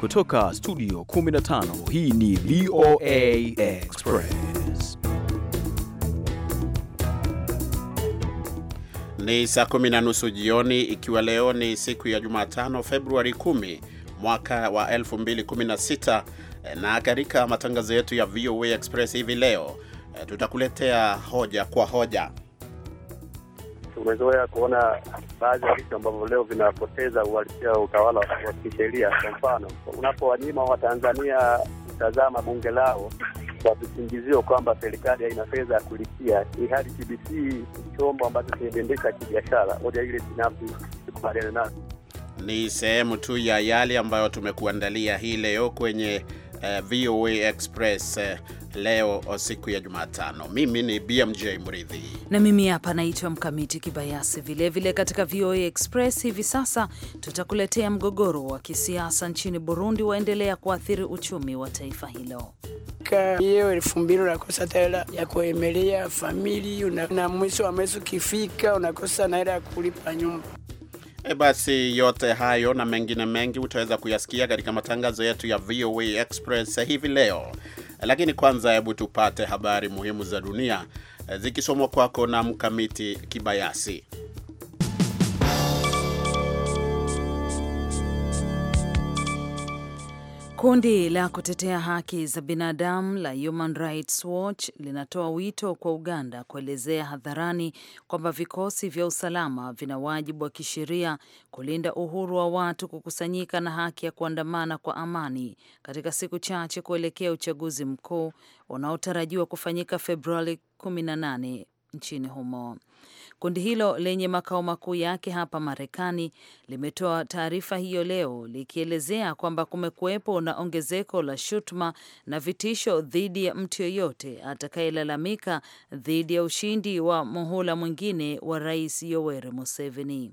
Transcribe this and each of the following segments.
Kutoka studio 15 hii ni VOA Express. Ni saa kumi na nusu jioni, ikiwa leo ni siku ya Jumatano Februari 10 mwaka wa 2016, na katika matangazo yetu ya VOA Express hivi leo eh, tutakuletea hoja kwa hoja tumezoea kuona baadhi ya vitu ambavyo leo vinapoteza uhalisia wa utawala wa kisheria. Kwa mfano, unapowanyima Watanzania kutazama bunge lao kwa visingizio kwamba serikali haina fedha ya kulipia, hali TBC chombo ambacho kinaendesha kibiashara. Hoja ile binafsi kubaliana nazo Ni sehemu tu ya yale ambayo tumekuandalia hii leo kwenye eh, VOA Express eh, leo oh, siku ya Jumatano. Mimi ni BMJ Mridhi na mimi hapa naitwa Mkamiti Kibayasi. Vilevile katika VOA Express hivi sasa tutakuletea mgogoro wa kisiasa nchini Burundi waendelea kuathiri uchumi wa taifa hilo. Hiyo elfu mbili unakosa hela ya kuemelea famili una, na mwisho wa mwezi ukifika unakosa na hela ya kulipa nyumba E, basi yote hayo na mengine mengi utaweza kuyasikia katika matangazo yetu ya VOA Express hivi leo, lakini kwanza, hebu tupate habari muhimu za dunia eh, zikisomwa kwako na Mkamiti Kibayasi. Kundi la kutetea haki za binadamu la Human Rights Watch linatoa wito kwa Uganda kuelezea hadharani kwamba vikosi vya usalama vina wajibu wa kisheria kulinda uhuru wa watu kukusanyika na haki ya kuandamana kwa amani katika siku chache kuelekea uchaguzi mkuu unaotarajiwa kufanyika Februari 18 nchini humo. Kundi hilo lenye makao makuu yake hapa Marekani limetoa taarifa hiyo leo likielezea kwamba kumekuwepo na ongezeko la shutuma na vitisho dhidi ya mtu yoyote atakayelalamika dhidi ya ushindi wa muhula mwingine wa Rais Yoweri Museveni.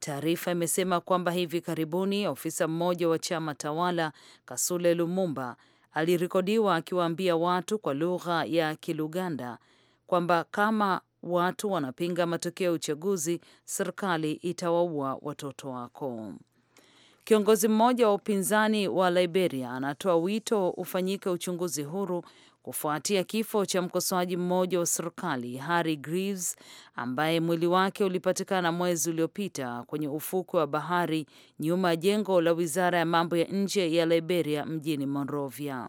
Taarifa imesema kwamba hivi karibuni ofisa mmoja wa chama tawala Kasule Lumumba alirekodiwa akiwaambia watu kwa lugha ya Kiluganda kwamba kama watu wanapinga matokeo ya uchaguzi, serikali itawaua watoto wako. Kiongozi mmoja wa upinzani wa Liberia anatoa wito ufanyike uchunguzi huru kufuatia kifo cha mkosoaji mmoja wa serikali Harry Greaves ambaye mwili wake ulipatikana mwezi uliopita kwenye ufukwe wa bahari nyuma ya jengo la wizara ya mambo ya nje ya Liberia mjini Monrovia.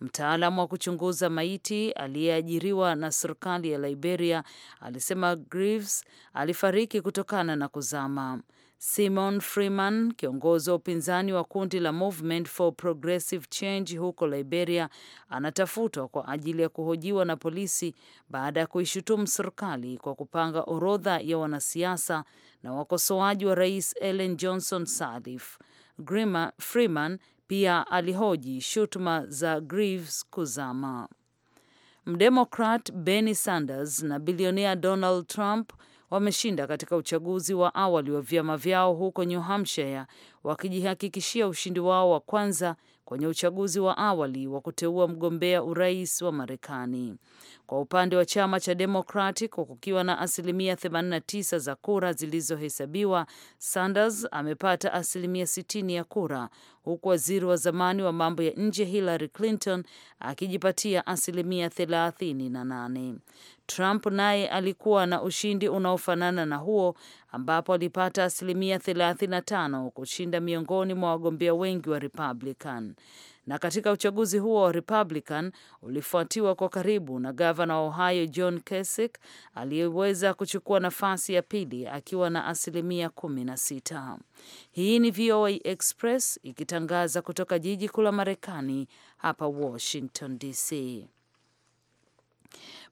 Mtaalamu wa kuchunguza maiti aliyeajiriwa na serikali ya Liberia alisema Greaves alifariki kutokana na kuzama. Simon Freeman, kiongozi wa upinzani wa kundi la Movement for Progressive Change huko Liberia, anatafutwa kwa ajili ya kuhojiwa na polisi baada ya kuishutumu serikali kwa kupanga orodha ya wanasiasa na wakosoaji wa Rais Ellen Johnson Sirleaf. Grima Freeman pia alihoji shutuma za grives Kuzama. Mdemokrat Bernie Sanders na bilionea Donald Trump wameshinda katika uchaguzi wa awali wa vyama vyao huko New Hampshire, wakijihakikishia ushindi wao wa kwanza kwenye uchaguzi wa awali wa kuteua mgombea urais wa Marekani. Kwa upande wa chama cha Democratic, kukiwa na asilimia 89 za kura zilizohesabiwa, Sanders amepata asilimia 60 ya kura, huku waziri wa zamani wa mambo ya nje Hillary Clinton akijipatia asilimia 38. Trump naye alikuwa na ushindi unaofanana na huo ambapo alipata asilimia 35 kushinda miongoni mwa wagombea wengi wa Republican. Na katika uchaguzi huo wa Republican ulifuatiwa kwa karibu na gavana wa Ohio John Kasich aliyeweza kuchukua nafasi ya pili akiwa na asilimia 16. Hii ni VOA Express ikitangaza kutoka jiji kuu la Marekani hapa Washington DC.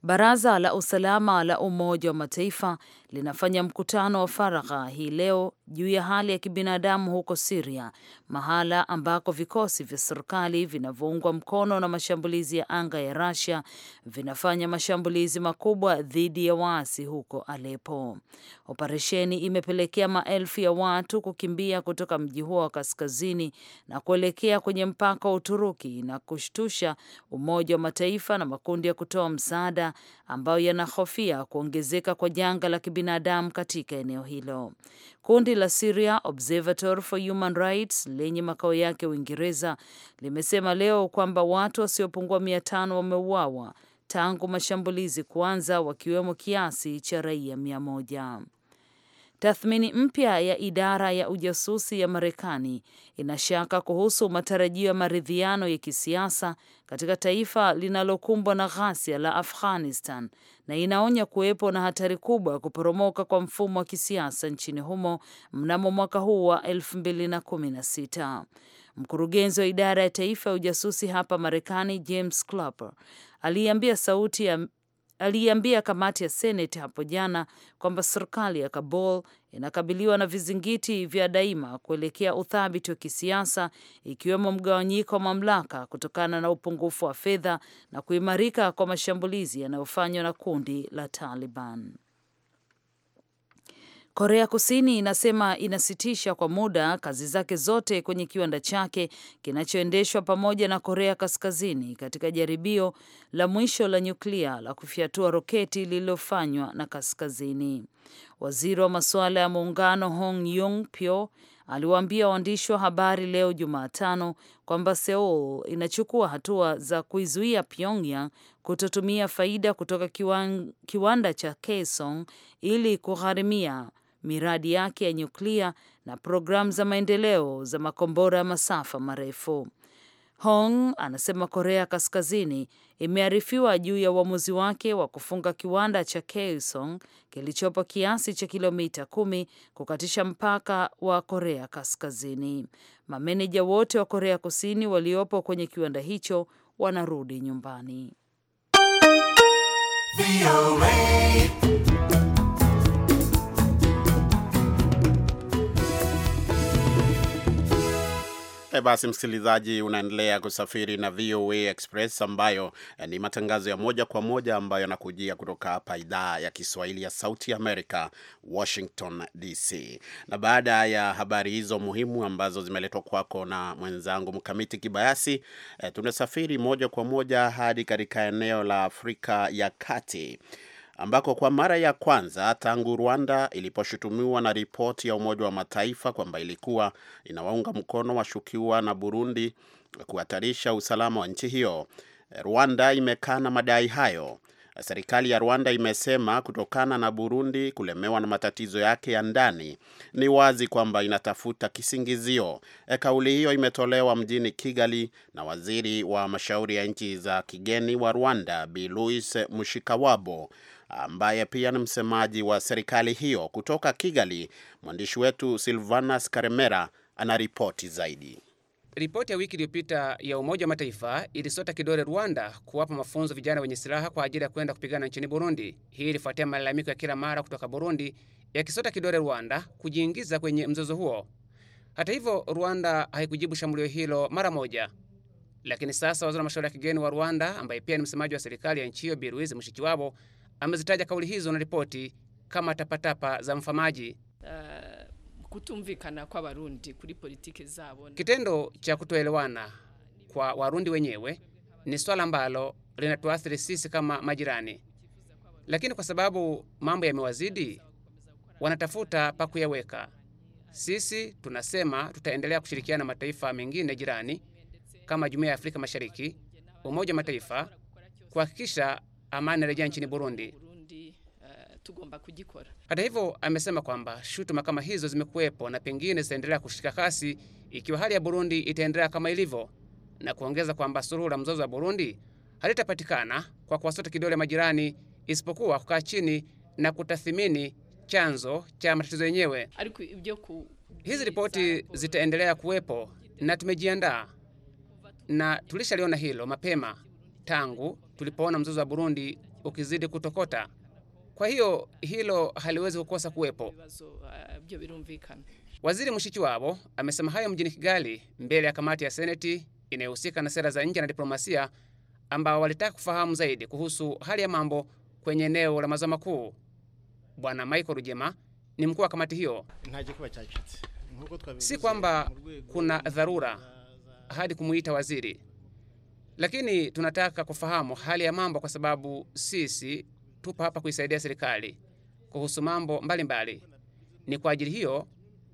Baraza la Usalama la Umoja wa Mataifa linafanya mkutano wa faragha hii leo juu ya hali ya kibinadamu huko Siria, mahala ambako vikosi vya serikali vinavyoungwa mkono na mashambulizi ya anga ya rasia vinafanya mashambulizi makubwa dhidi ya waasi huko alepo Operesheni imepelekea maelfu ya watu kukimbia kutoka mji huo wa kaskazini na kuelekea kwenye mpaka wa Uturuki na kushtusha Umoja wa Mataifa na makundi ya kutoa msaada ambayo yanahofia kuongezeka kwa janga la kibinadamu katika eneo hilo. Kundi la Syria Observatory for Human Rights lenye makao yake Uingereza limesema leo kwamba watu wasiopungua mia tano wameuawa tangu mashambulizi kuanza, wakiwemo kiasi cha raia mia moja. Tathmini mpya ya idara ya ujasusi ya Marekani inashaka kuhusu matarajio ya maridhiano ya kisiasa katika taifa linalokumbwa na ghasia la Afghanistan na inaonya kuwepo na hatari kubwa ya kuporomoka kwa mfumo wa kisiasa nchini humo mnamo mwaka huu wa 2016. Mkurugenzi wa idara ya taifa ya ujasusi hapa Marekani James Clapper aliambia Sauti ya aliiambia kamati ya Seneti hapo jana kwamba serikali ya Kabul inakabiliwa na vizingiti vya daima kuelekea uthabiti wa kisiasa ikiwemo mgawanyiko wa mamlaka kutokana na upungufu wa fedha na kuimarika kwa mashambulizi yanayofanywa na kundi la Taliban. Korea Kusini inasema inasitisha kwa muda kazi zake zote kwenye kiwanda chake kinachoendeshwa pamoja na Korea Kaskazini katika jaribio la mwisho la nyuklia la kufyatua roketi lililofanywa na Kaskazini. Waziri wa masuala ya muungano Hong Yong Pyo aliwaambia waandishi wa habari leo Jumatano kwamba Seoul inachukua hatua za kuizuia Pyongyang kutotumia faida kutoka kiwanda cha Kaesong ili kugharimia miradi yake ya nyuklia na programu za maendeleo za makombora ya masafa marefu. Hong anasema Korea Kaskazini imearifiwa juu ya uamuzi wake wa kufunga kiwanda cha Kaesong kilichopo kiasi cha kilomita kumi kukatisha mpaka wa Korea Kaskazini. Mameneja wote wa Korea Kusini waliopo kwenye kiwanda hicho wanarudi nyumbani. E basi, msikilizaji, unaendelea kusafiri na VOA Express ambayo eh, ni matangazo ya moja kwa moja ambayo yanakujia kutoka hapa idhaa ya Kiswahili ya Sauti Amerika, Washington DC. Na baada ya habari hizo muhimu ambazo zimeletwa kwako na mwenzangu Mkamiti Kibayasi, e, tunasafiri moja kwa moja hadi katika eneo la Afrika ya Kati ambako kwa mara ya kwanza tangu Rwanda iliposhutumiwa na ripoti ya Umoja wa Mataifa kwamba ilikuwa inawaunga mkono washukiwa na Burundi kuhatarisha usalama wa nchi hiyo. Rwanda imekana madai hayo. Serikali ya Rwanda imesema kutokana na Burundi kulemewa na matatizo yake ya ndani, ni wazi kwamba inatafuta kisingizio. E, kauli hiyo imetolewa mjini Kigali na waziri wa mashauri ya nchi za kigeni wa Rwanda Bi Louis Mushikawabo ambaye pia ni msemaji wa serikali hiyo. Kutoka Kigali, mwandishi wetu Silvanas Karemera ripoti zaidi. Ripoti ya wiki iliyopita ya Umoja wa Mataifa ilisota kidole Rwanda kuwapa mafunzo vijana wenye silaha kwa ajili ya kwenda kupigana nchini Burundi. Hii ilifuatia malalamiko ya kila mara kutoka Burundi yakisota kidole Rwanda kujiingiza kwenye mzozo huo. Hata hivyo, Rwanda haikujibu shambulio hilo mara moja. Lakini sasa waziri wa mashauri ya kigeni wa Rwanda ambaye pia ni msemaji wa serikali ya nchi hiyo Biruizi Mushikiwabo amezitaja kauli hizo na ripoti kama tapatapa za mfamaji. Uh, kutumvikana kwa warundi kuri politike zabo, kitendo cha kutoelewana kwa warundi wenyewe ni swala ambalo linatuathiri sisi kama majirani, lakini kwa sababu mambo yamewazidi, wanatafuta pa kuyaweka. Sisi tunasema tutaendelea kushirikiana na mataifa mengine jirani kama Jumuiya ya Afrika Mashariki, Umoja wa Mataifa kuhakikisha amani rejea nchini Burundi. Eh, tugomba kujikora. Hata hivyo, amesema kwamba shutuma kama hizo zimekuwepo na pengine zitaendelea kushika kasi ikiwa hali ya Burundi itaendelea kama ilivyo, na kuongeza kwamba suluhu la mzozo wa Burundi halitapatikana kwa kuwasota kidole majirani, isipokuwa kukaa chini na kutathimini chanzo cha matatizo yenyewe. Hizi ripoti zitaendelea kuwepo na tumejiandaa na tulishaliona hilo mapema tangu tulipoona mzozo wa Burundi ukizidi kutokota. Kwa hiyo hilo haliwezi kukosa kuwepo. Waziri Mushikiwabo amesema hayo mjini Kigali mbele ya kamati ya Seneti inayohusika na sera za nje na diplomasia, ambao walitaka kufahamu zaidi kuhusu hali ya mambo kwenye eneo la maziwa makuu. Bwana Michael Rugema ni mkuu wa kamati hiyo. Si kwamba kuna dharura hadi kumuita waziri lakini tunataka kufahamu hali ya mambo, kwa sababu sisi tupo hapa kuisaidia serikali kuhusu mambo mbalimbali mbali. Ni kwa ajili hiyo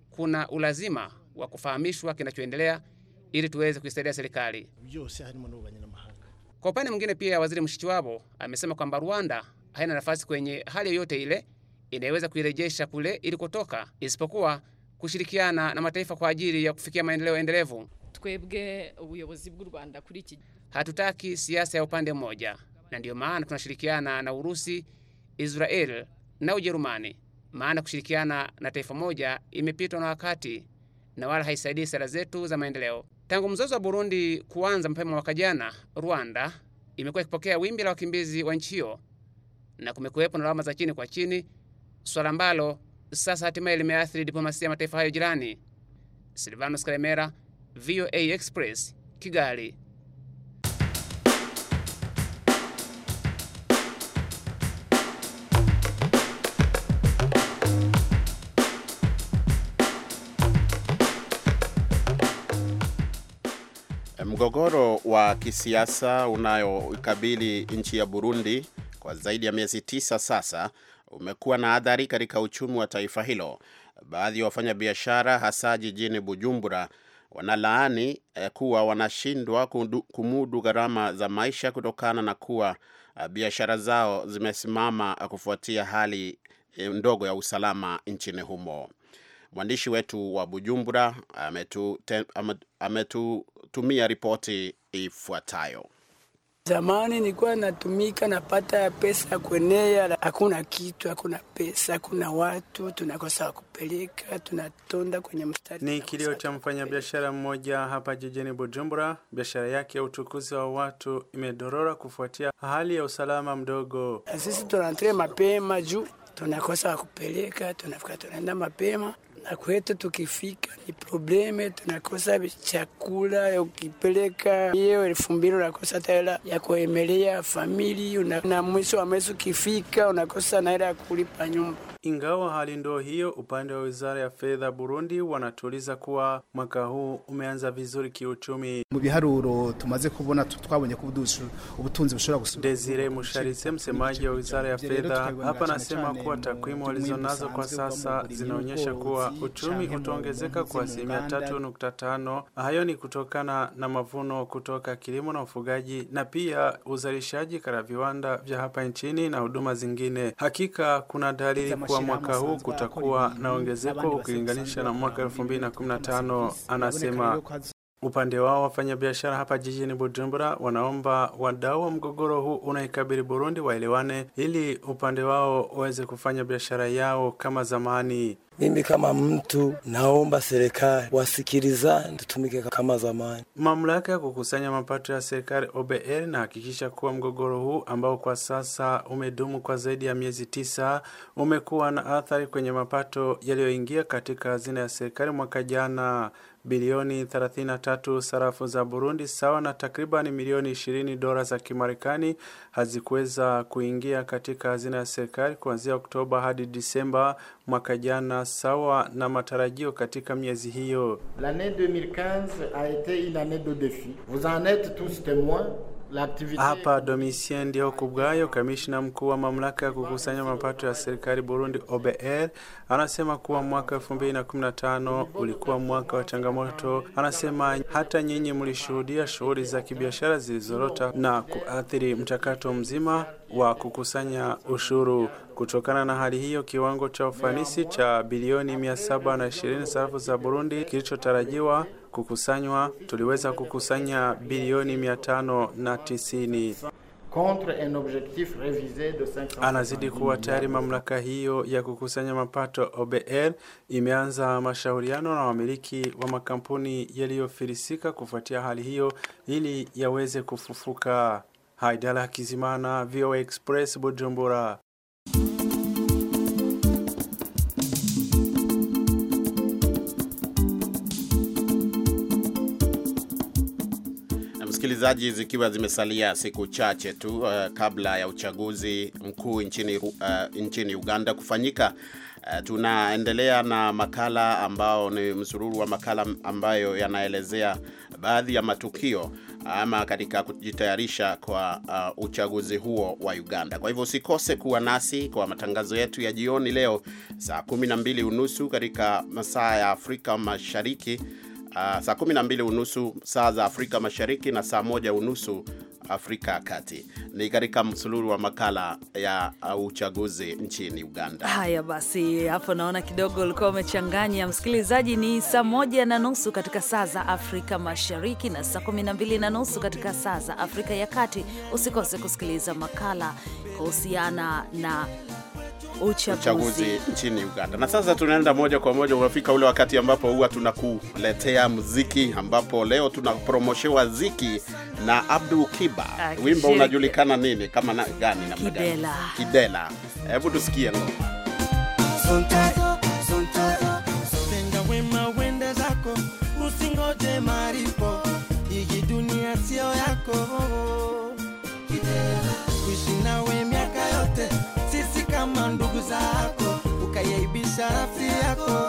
kuna ulazima wa kufahamishwa kinachoendelea ili tuweze kuisaidia serikali. Kwa upande mwingine, pia waziri Mushikiwabo amesema kwamba Rwanda haina nafasi kwenye hali yoyote ile inayoweza kuirejesha kule ilikotoka isipokuwa kushirikiana na mataifa kwa ajili ya kufikia maendeleo endelevu twebwe ubuyobozi bw'u Rwanda kuri iki. Hatutaki siasa ya upande mmoja, na ndiyo maana tunashirikiana na Urusi, Israel na Ujerumani, maana kushirikiana na taifa moja imepitwa na wakati na wala haisaidii sera zetu za maendeleo. Tangu mzozo wa Burundi kuanza mapema mwaka jana, Rwanda imekuwa ikipokea wimbi la wakimbizi wa nchi hiyo na kumekuwepo na lawama za chini kwa chini, swala ambalo sasa hatimaye limeathiri diplomasia ya mataifa hayo jirani. Silvanos Karemera, VOA Express Kigali. Mgogoro wa kisiasa unayoikabili nchi ya Burundi kwa zaidi ya miezi tisa sasa umekuwa na athari katika uchumi wa taifa hilo. Baadhi ya wafanyabiashara hasa jijini Bujumbura wanalaani eh, kuwa wanashindwa kumudu gharama za maisha kutokana na kuwa eh, biashara zao zimesimama eh, kufuatia hali eh, ndogo ya usalama nchini humo. Mwandishi wetu wa Bujumbura ametutumia ametu, ripoti ifuatayo. Zamani nilikuwa natumika napata pesa ya kuenea, hakuna kitu, hakuna pesa, hakuna watu, tunakosa kupeleka, tunatonda kwenye mstari. Ni kilio cha mfanyabiashara mmoja hapa jijini Bujumbura. Biashara yake ya uchukuzi wa watu imedorora kufuatia hali ya usalama mdogo. Sisi tunantre mapema juu tunakosa kupeleka, tunafika tunaenda mapema na kwetu tukifika ni probleme, tunakosa chakula. Ukipeleka hiyo elfu mbili unakosa hata hela ya kuemelea famili, na mwisho wa mwezi ukifika unakosa na hela ya kulipa nyumba. Ingawa hali ndo hiyo, upande wa wizara ya fedha Burundi wanatuliza kuwa mwaka huu umeanza vizuri kiuchumi. mu biharuro tumaze kubona twabonye ko ubutunzi bushobora gusubira. Desire Musharitse, msemaji wa wizara ya fedha, hapa anasema kuwa takwimu walizonazo kwa sasa zinaonyesha kuwa uchumi utaongezeka kwa asilimia tatu nukta tano. Hayo ni kutokana na mavuno kutoka kilimo na ufugaji na pia uzalishaji katika viwanda vya hapa nchini na huduma zingine. Hakika kuna dalili kuwa mwaka huu kutakuwa na ongezeko ukilinganisha na mwaka 2015. Anasema upande wao wafanyabiashara hapa jijini Bujumbura wanaomba wadau wa mgogoro huu unaikabili Burundi waelewane ili upande wao waweze kufanya biashara yao kama zamani. Mimi kama mtu naomba serikali wasikilizane, tutumike kama zamani. Mamlaka ya kukusanya mapato ya serikali OBR nahakikisha kuwa mgogoro huu ambao kwa sasa umedumu kwa zaidi ya miezi tisa umekuwa na athari kwenye mapato yaliyoingia katika hazina ya serikali mwaka jana bilioni 33 sarafu za Burundi sawa na takriban milioni 20 dola za Kimarekani hazikuweza kuingia katika hazina ya serikali kuanzia Oktoba hadi Disemba mwaka jana sawa na matarajio katika miezi hiyo. l'année 2015 a été une année de défi Vous en êtes tous témoins. Hapa Domitien Ndiho Kubwayo, kamishna mkuu wa mamlaka ya kukusanya mapato ya serikali Burundi OBR, anasema kuwa mwaka 2015 ulikuwa mwaka wa changamoto. Anasema hata nyinyi mlishuhudia shughuli za kibiashara zilizorota na kuathiri mchakato mzima wa kukusanya ushuru. Kutokana na hali hiyo, kiwango cha ufanisi cha bilioni 720 sarafu za Burundi kilichotarajiwa kukusanywa, tuliweza kukusanya bilioni na tisini. anazidi kuwa tayari. Mamlaka hiyo ya kukusanya mapato OBR imeanza mashauriano na wamiliki wa makampuni yaliyofilisika kufuatia hali hiyo ili yaweze kufufuka. Haidala Kizimana, VOA Express, Bujumbura. msikilizaji, zikiwa zimesalia siku chache tu uh, kabla ya uchaguzi mkuu nchini, uh, nchini Uganda kufanyika uh, tunaendelea na makala ambao ni msururu wa makala ambayo yanaelezea baadhi ya matukio ama katika kujitayarisha kwa uh, uchaguzi huo wa Uganda. Kwa hivyo usikose kuwa nasi kwa matangazo yetu ya jioni leo saa 12 unusu katika masaa ya Afrika Mashariki uh, saa 12 unusu saa za Afrika Mashariki na saa moja unusu Afrika ya Kati. Ni katika msururu wa makala ya uchaguzi nchini Uganda. Haya basi, hapo naona kidogo ulikuwa umechanganya msikilizaji. Ni saa moja na nusu katika saa za Afrika Mashariki na saa kumi na mbili na nusu katika saa za Afrika ya Kati. Usikose kusikiliza makala kuhusiana na uchaguzi, uchaguzi nchini Uganda. Na sasa tunaenda moja kwa moja, unafika ule wakati ambapo huwa tunakuletea muziki, ambapo leo tunapromoshewa ziki na Abdul Kiba. Wimbo unajulikana nini kama na, gani namna gani? Kidela. Hebu tusikie ngoma. usingoje maripo, hii dunia sio yako deixar a fria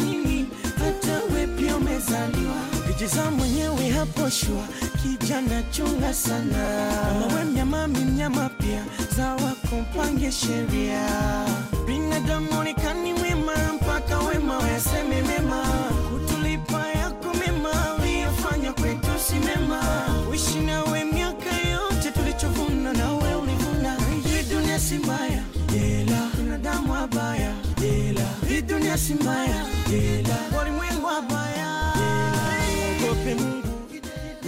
Jiza mwenyewe hapo shua, kijana chunga sana. Mama we mnyama, mi pia, za kompange sheria. Binadamu onekani mwema, mpaka wema wayaseme mema. Kutulipa yako mema, uliyofanya kwetu si mema. Uishi nawe miaka yote, tulichovuna nawe ulivuna. Hii dunia si mbaya, jela binadamu wabaya, jela hii dunia si mbaya, jela walimwengu wabaya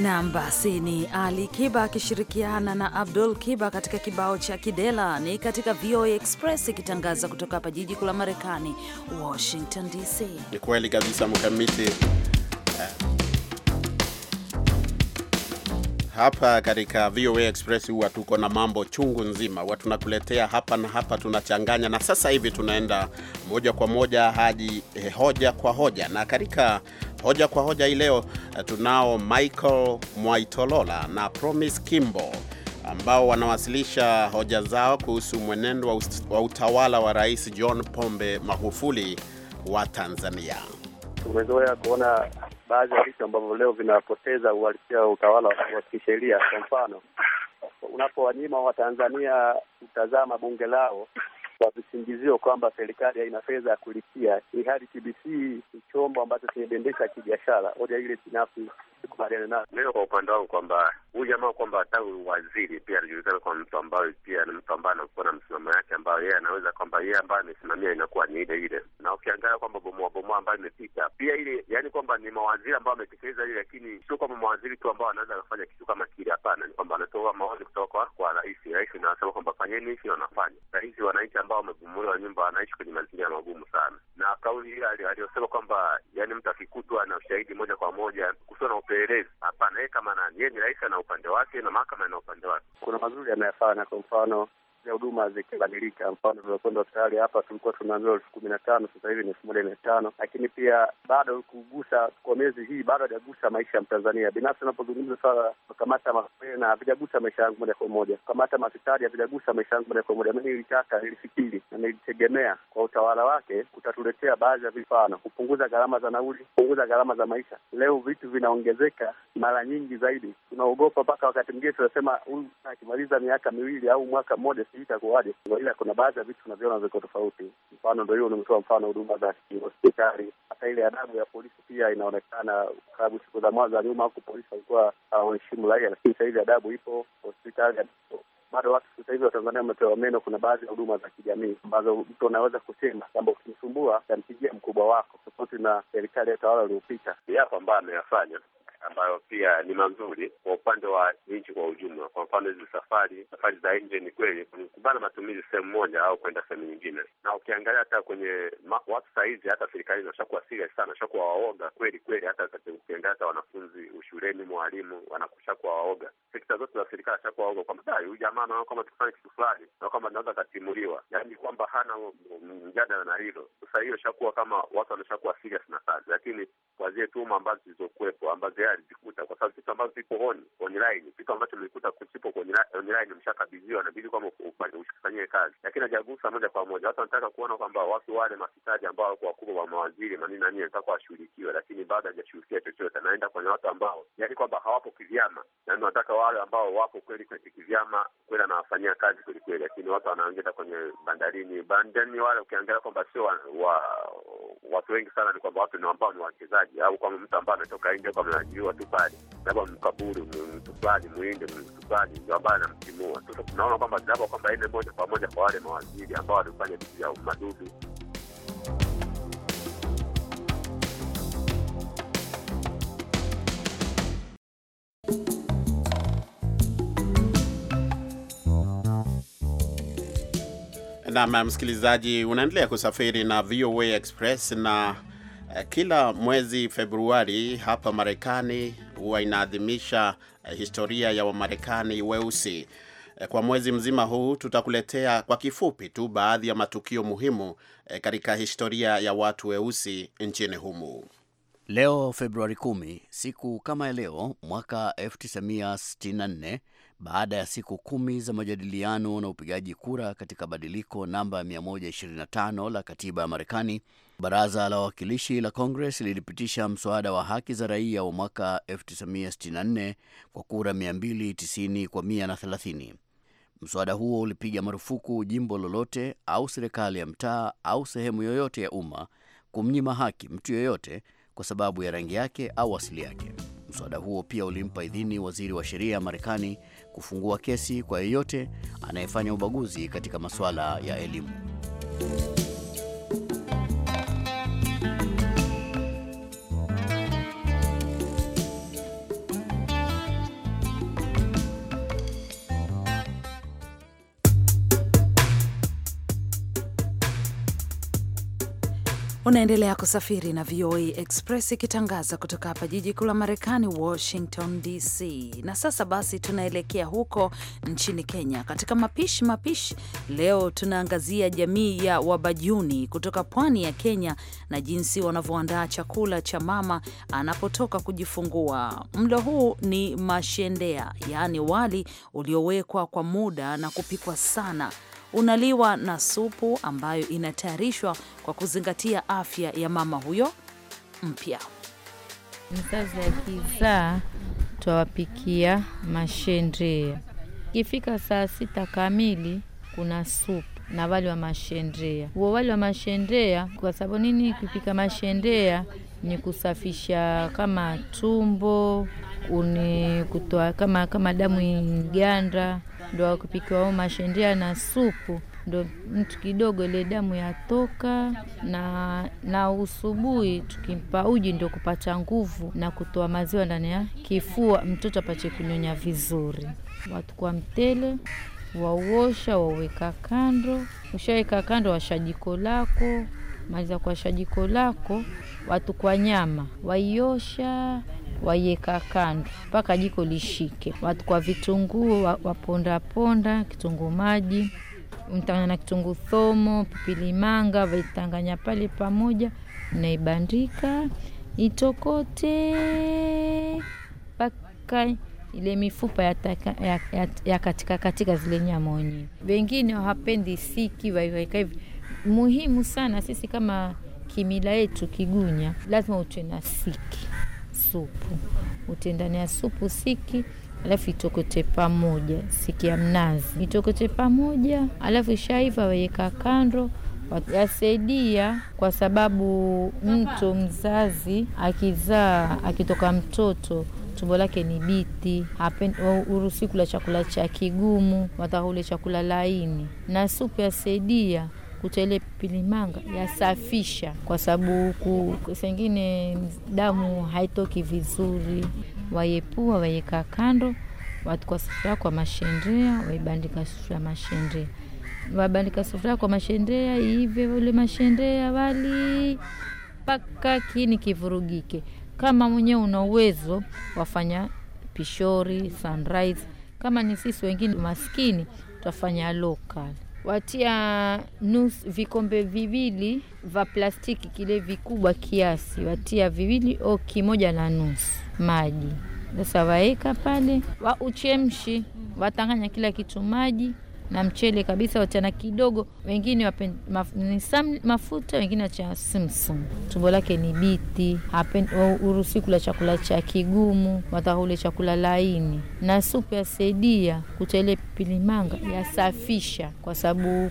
Nam basi ni Ali Kiba akishirikiana na Abdul Kiba katika kibao cha Kidela ni katika VOA Express ikitangaza kutoka hapa jiji kuu la Marekani, Washington DC. Ni kweli kabisa mkamiti hapa katika VOA Express huwa tuko na mambo chungu nzima, huwa tunakuletea hapa na hapa, tunachanganya na sasa hivi tunaenda moja kwa moja hadi eh, hoja kwa hoja. Na katika hoja kwa hoja hii leo eh, tunao Michael Mwaitolola na Promise Kimbo ambao wanawasilisha hoja zao kuhusu mwenendo wa utawala wa Rais John Pombe Magufuli wa Tanzania. Tumezoea kuona baadhi ya vitu ambavyo leo vinapoteza uhalisia wa utawala wa kisheria. Kwa mfano, unapowanyima Watanzania kutazama bunge lao kwa visingizio kwamba serikali haina fedha ya kulipia, ihali TBC ni chombo ambacho kimebendesha kibiashara, hoja ile binafsi sikubaliana nayo. Mimi kwa upande wangu kwamba huyu jamaa kwamba tangu waziri pia anajulikana kwa mtu ambayo pia ni mtu ambaye anakuwa na msimamo yake ambayo yeye anaweza kwamba yeye ambaye amesimamia inakuwa ni ile ile, na ukiangalia kwamba bomoa bomoa ambayo imepita pia ile, yani kwamba ni mawaziri ambao wametekeleza ile, lakini sio kwamba mawaziri tu ambao wanaweza kufanya kitu kama kile. Hapana, ni kwamba anatoa maoni kutoka kwa rais, rais anasema kwamba fanyeni hivi, wanafanya rahisi wananchi ambao wamebomolewa nyumba wanaishi kwenye mazingira magumu sana, na kauli hiyo aliyosema kwamba yani mtu akikutwa na ushahidi moja kwa moja kusiwa na upelelezi, hapana. Yeye kama nani, yeye ni rais ana upande wake na mahakama ina upande wake. Kuna mazuri anayafanya, kwa mfano huduma zikibadilika. Mfano, tunakwenda tayari hapa tulikuwa tunaambiwa elfu kumi na tano sasa hivi ni elfu moja mia tano lakini pia bado kugusa kwa miezi hii bado hajagusa maisha ya Mtanzania binafsi. Unapozungumza sasa kamata mapena havijagusa maisha yangu moja kwa moja, kamata masikari havijagusa maisha yangu moja kwa moja. Mimi nilitaka, nilifikiri na nilitegemea kwa utawala wake kutatuletea baadhi ya vifaa na kupunguza gharama za nauli, kupunguza gharama za maisha. Leo vitu vinaongezeka mara nyingi zaidi. Tunaogopa mpaka wakati mwingine tunasema huyu akimaliza miaka miwili au mwaka mmoja sijui itakuwaje, ila kuna baadhi ya vitu tunaviona viko tofauti. Mfano ndo hiyo unametoa mfano huduma za hospitali, hata ile adabu ya polisi pia inaonekana, sababu siku za mwanzo nyuma huku polisi walikuwa hawaheshimu raia, lakini sahizi adabu ipo, hospitali bado watu sasa hivi Watanzania wametoa meno. Kuna baadhi ya huduma za kijamii ambazo mtu anaweza kusema kwamba ukimsumbua utampigia mkubwa wako, tofauti na serikali ya tawala uliopita. Yapo ambayo ameyafanya ambayo pia ni mazuri kwa upande wa nchi kwa ujumla. Kwa mfano hizi safari safari za nje, ni kweli kubana matumizi sehemu moja au kwenda sehemu nyingine, na ukiangalia hata kwenye ma, watu sahizi hata serikali inashakuwa serious sana, shakuwa waoga kweli kweli. Hata ukiangalia hata wanafunzi ushuleni, mwalimu wanakushakuwa waoga, sekta zote za serikali ashakuwa waoga kwamba dai huyu jamaa naona kwamba tukifanya kitu fulani na kwamba naweza akatimuliwa, yaani kwamba hana mjadala na hilo. Sasa hiyo shakuwa kama watu wanashakuwa serious na kazi, lakini kwa zile tuhuma ambazo zilizokuwepo ambazo ambayo kwa sababu vitu ambavyo viko online, kitu ambacho nilikuta kusipo online mshakabidhiwa, nabidi kwamba ufanyie kazi, lakini hajagusa moja kwa moja. Watu wanataka kuona kwamba watu wale mafisadi ambao wako wakubwa wa mawaziri manini nani wanataka washughulikiwe, lakini bado hajashughulikia chochote. Anaenda kwenye watu ambao yani kwamba hawapo kivyama, yani wanataka wale ambao wapo kweli kwenye kivyama kweli anawafanyia kazi kwelikweli, lakini watu wanaongeza kwenye bandarini bandani wale, ukiangalia kwamba sio wa watu wengi sana ni kwamba watu ni ambao ni wachezaji au kama mtu ambaye ametoka nje kama anajua tu bali labda mkaburi mtukali mwinde mtukali ndio ambaye anamtimua. Sasa tunaona kwamba labda kwamba ine moja kwa moja kwa wale mawaziri ambao walifanya vitu vya madudu Naam, msikilizaji, unaendelea kusafiri na VOA Express na eh, kila mwezi Februari hapa Marekani huwa inaadhimisha eh, historia ya Wamarekani weusi. Eh, kwa mwezi mzima huu tutakuletea kwa kifupi tu baadhi ya matukio muhimu katika historia ya watu weusi nchini humu. Leo Februari 10, siku kama ya leo mwaka baada ya siku kumi za majadiliano na upigaji kura katika badiliko namba 125 la katiba ya Marekani, baraza la wawakilishi la Congress lilipitisha mswada wa haki za raia wa mwaka 1964 kwa kura 290 kwa 130. Mswada huo ulipiga marufuku jimbo lolote au serikali ya mtaa au sehemu yoyote ya umma kumnyima haki mtu yoyote kwa sababu ya rangi yake au asili yake. Mswada huo pia ulimpa idhini waziri wa sheria ya Marekani kufungua kesi kwa yeyote anayefanya ubaguzi katika masuala ya elimu. Unaendelea kusafiri na VOA Express ikitangaza kutoka hapa jiji kuu la Marekani, Washington DC. Na sasa basi, tunaelekea huko nchini Kenya katika mapishi mapishi. Leo tunaangazia jamii ya Wabajuni kutoka pwani ya Kenya na jinsi wanavyoandaa chakula cha mama anapotoka kujifungua. Mlo huu ni mashendea, yaani wali uliowekwa kwa muda na kupikwa sana unaliwa na supu ambayo inatayarishwa kwa kuzingatia afya ya mama huyo mpya. Mzazi akizaa twawapikia mashendrea. Ikifika saa sita kamili kuna supu na wali wa mashendrea. Huo wali wa mashendrea, kwa sababu nini? Kupika mashendrea ni kusafisha kama tumbo, ni kutoa kama, kama damu iganda ndo wakupikiwa mashendia na supu, ndo mtu kidogo ile damu yatoka, na na usubuhi tukimpa uji ndo kupata nguvu na kutoa maziwa ndani ya kifua, mtoto apache kunyonya vizuri. Watukwa mtele wauosha, wauweka kando, ushaweka kando, washajiko lako maliza kuasha jiko lako, watukwa nyama waiosha, waiweka kando mpaka jiko lishike. Watukwa vitunguu wapondaponda, kitunguu maji mtana na kitunguu thomo, pipilimanga manga, vaitanganya pale pamoja, naibandika itokote mpaka ile mifupa taka, ya, ya, ya katika, katika zile nyama wenyewe. Wengine hawapendi siki, waiweka hivi muhimu sana sisi kama kimila yetu Kigunya, lazima utwe na siki supu, utendania supu siki alafu itokote pamoja, siki ya mnazi itokote pamoja, alafu ishaiva waweka kando yasaidia kwa sababu mtu mzazi akizaa akitoka mtoto tumbo lake ni biti, huruhusi kula chakula cha kigumu, watakula chakula laini, na supu yasaidia unakuta ile pilimanga yasafisha, kwa sababu sengine damu haitoki vizuri, wayepua wayeka kando, watukwa sufuria kwa mashendea, waibandika sufuria mashendea, wabandika sufuria kwa mashendea, hivyo ule mashendea wali mpaka kini kivurugike. Kama mwenyewe una uwezo wafanya pishori sunrise, kama ni sisi wengine maskini twafanya local watia nusu vikombe viwili va plastiki kile vikubwa kiasi, watia viwili au kimoja na nusu maji. Sasa waeka pale, wauchemshi, watanganya kila kitu maji na mchele kabisa, wachana kidogo, wengine wapen, maf, ni sam, mafuta, wengine wacha simsim. Tumbo lake ni biti, uruhusi kula chakula cha kigumu, watakule chakula laini. Na supu yasaidia kuta pilimanga, yasafisha kwa sababu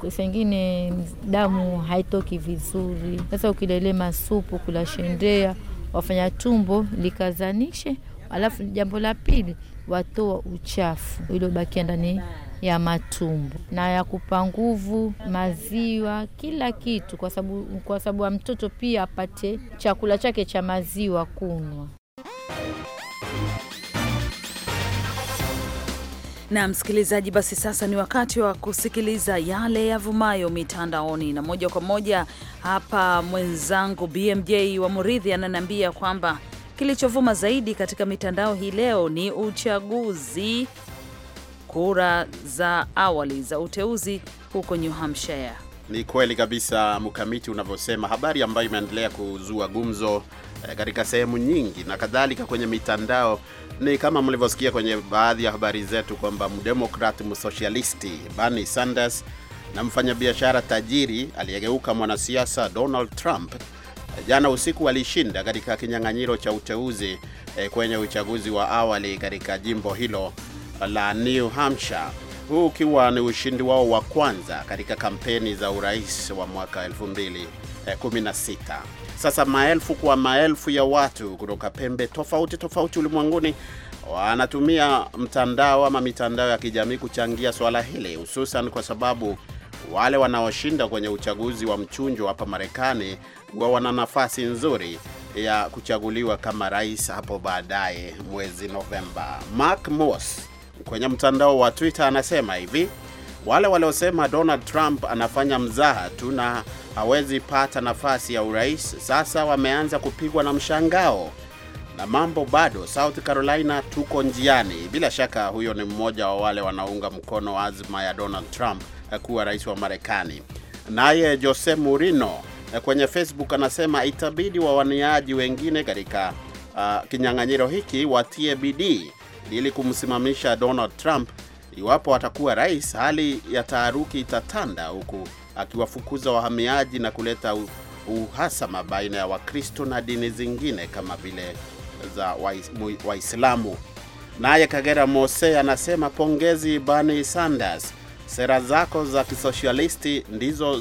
kusengine damu haitoki vizuri. Sasa ukilele masupu kula shendea wafanya tumbo likazanishe, alafu jambo la pili watoa uchafu uliobakia ndani ya matumbo na ya kupa nguvu, maziwa, kila kitu, kwa sababu kwa sababu mtoto pia apate chakula chake cha maziwa kunywa. Na msikilizaji, basi sasa ni wakati wa kusikiliza yale yavumayo mitandaoni, na moja kwa moja hapa mwenzangu BMJ wa Muridhi ananiambia kwamba Kilichovuma zaidi katika mitandao hii leo ni uchaguzi, kura za awali za uteuzi huko New Hampshire. Ni kweli kabisa mkamiti unavyosema, habari ambayo imeendelea kuzua gumzo eh, katika sehemu nyingi na kadhalika kwenye mitandao. Ni kama mlivyosikia kwenye baadhi ya habari zetu kwamba mdemokrat msosialisti Bernie Sanders na mfanyabiashara tajiri aliyegeuka mwanasiasa Donald Trump jana usiku walishinda katika kinyang'anyiro cha uteuzi eh, kwenye uchaguzi wa awali katika jimbo hilo la New Hampshire, huu ukiwa ni ushindi wao wa kwanza katika kampeni za urais wa mwaka 2016. Eh, Sasa maelfu kwa maelfu ya watu kutoka pembe tofauti tofauti ulimwenguni wanatumia mtandao ama mitandao ya kijamii kuchangia swala hili, hususan kwa sababu wale wanaoshinda kwenye uchaguzi wa mchunjo hapa Marekani wana nafasi nzuri ya kuchaguliwa kama rais hapo baadaye mwezi Novemba. Mark Moss kwenye mtandao wa Twitter anasema hivi: wale waliosema Donald Trump anafanya mzaha tu na hawezi pata nafasi ya urais sasa wameanza kupigwa na mshangao, na mambo bado. South Carolina tuko njiani. Bila shaka huyo ni mmoja wa wale wanaunga mkono azma ya Donald Trump kuwa rais wa Marekani. Naye Jose Mourinho Eh, kwenye Facebook anasema itabidi wawaniaji wengine katika uh, kinyang'anyiro hiki watie bidii ili kumsimamisha Donald Trump iwapo atakuwa rais. Hali ya taharuki itatanda huku akiwafukuza wahamiaji na kuleta uhasama baina ya Wakristo na dini zingine kama vile za Waislamu. Naye Kagera Mose anasema pongezi Bernie Sanders sera zako za kisosialisti ndizo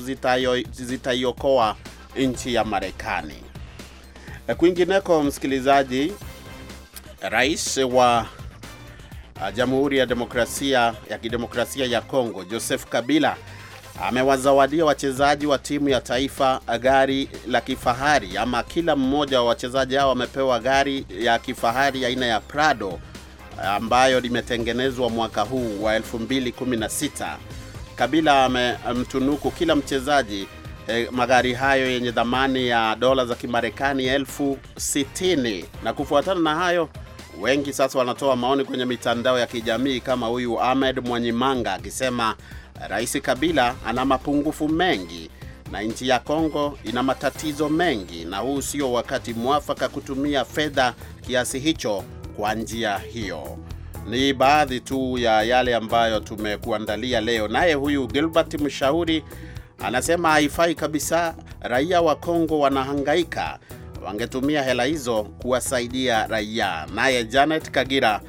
zitaiokoa nchi ya Marekani. E, kwingineko, msikilizaji, rais wa Jamhuri ya Demokrasia ya Kidemokrasia ya Kongo Joseph Kabila amewazawadia wachezaji wa timu ya taifa gari la kifahari ama kila mmoja wa wachezaji hao wamepewa gari ya kifahari aina ya, ya Prado ambayo limetengenezwa mwaka huu wa 2016. Kabila amemtunuku kila mchezaji eh, magari hayo yenye thamani ya dola za Kimarekani elfu sitini. Na kufuatana na hayo, wengi sasa wanatoa maoni kwenye mitandao ya kijamii kama huyu Ahmed Mwanyimanga akisema Rais Kabila ana mapungufu mengi na nchi ya Kongo ina matatizo mengi, na huu sio wakati mwafaka kutumia fedha kiasi hicho kwa njia hiyo. Ni baadhi tu ya yale ambayo tumekuandalia leo. Naye huyu Gilbert Mshauri anasema haifai kabisa, raia wa Kongo wanahangaika, wangetumia hela hizo kuwasaidia raia. Naye Janet Kagira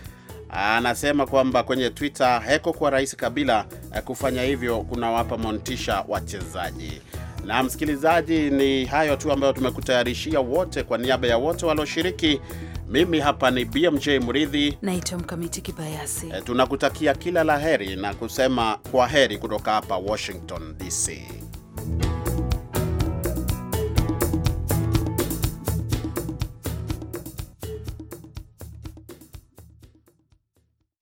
anasema kwamba kwenye Twitter heko kwa Rais Kabila eh, kufanya hivyo kunawapa montisha wachezaji. Na msikilizaji, ni hayo tu ambayo tumekutayarishia wote, kwa niaba ya wote walioshiriki mimi hapa ni BMJ Mridhi, naitwa Mkamiti Kibayasi. E, tunakutakia kila la heri na kusema kwa heri kutoka hapa Washington DC.